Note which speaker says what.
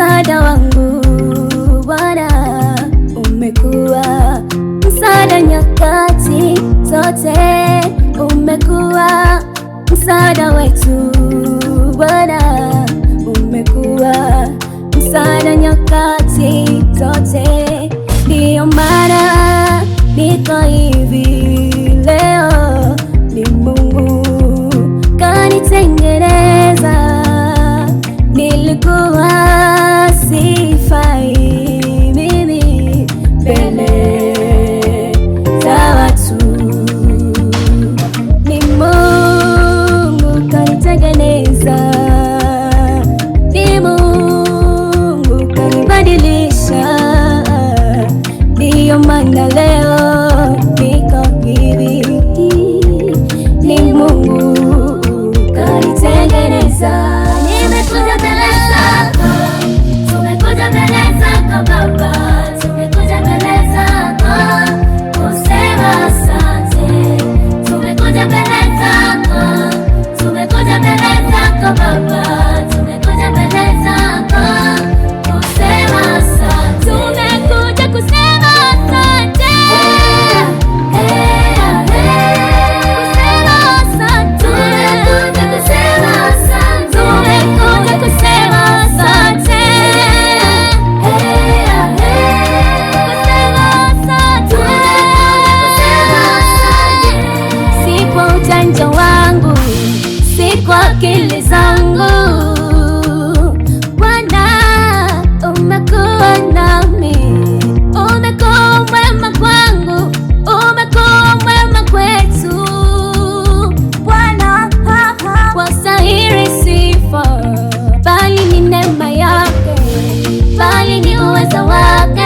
Speaker 1: msaada wangu Bwana, umekuwa msaada nyakati zote, umekuwa msaada wetu Bwana, umekuwa msaada nyakati zote, ndiyo maana nikoi uweza wako